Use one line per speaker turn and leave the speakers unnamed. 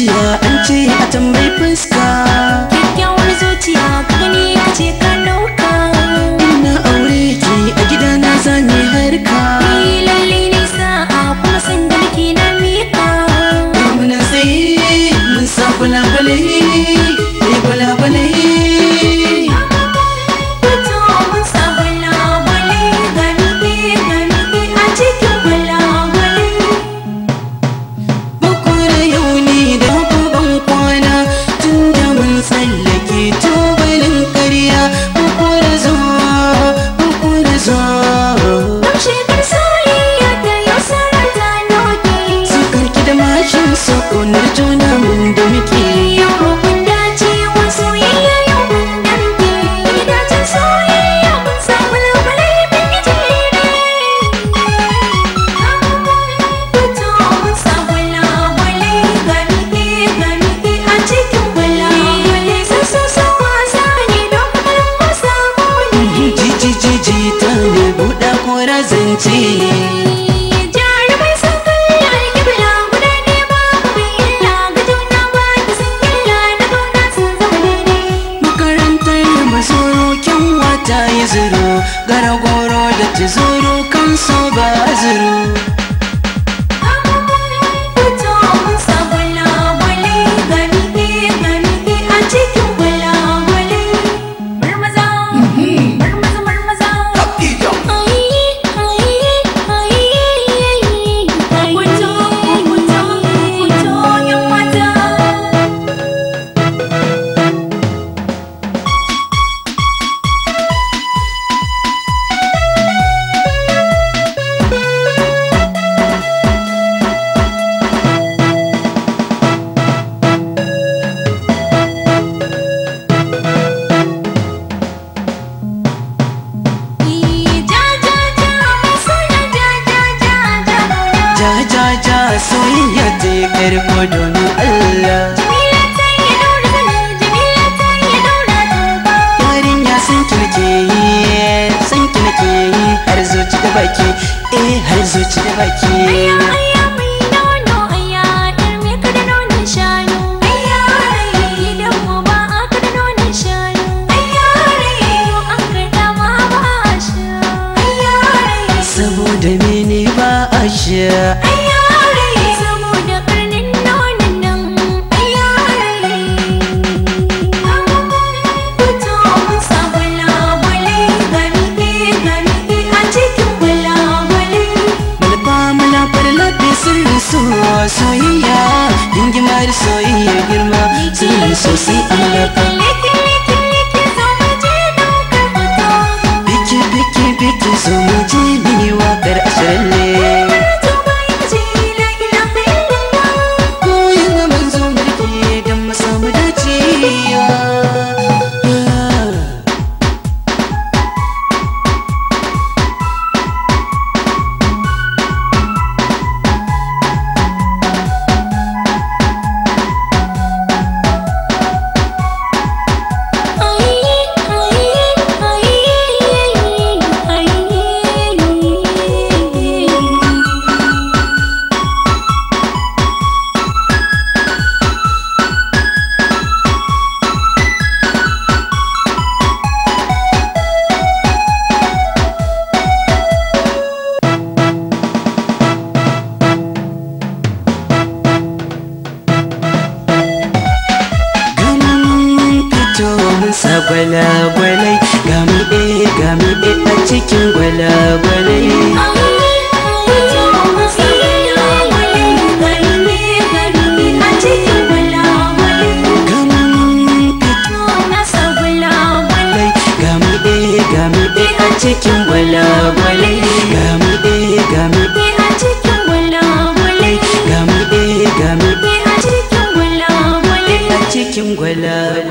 i an ce a tambayi fuska
zuro gara goro
da tizuru
ja ja ja soyayya ta yi karko domin Allah Yarinya yi yi
har zuci da baki
sosai alaka Biki biki biki zo mu je mini wakar ashirin wasa gwalagwalai gami e gami e a cikin gwalagwalai Gami e a cikin gwalagwalai gami e gami e a cikin gwalagwalai gami
e gami e a cikin gwalagwalai a cikin gwalagwalai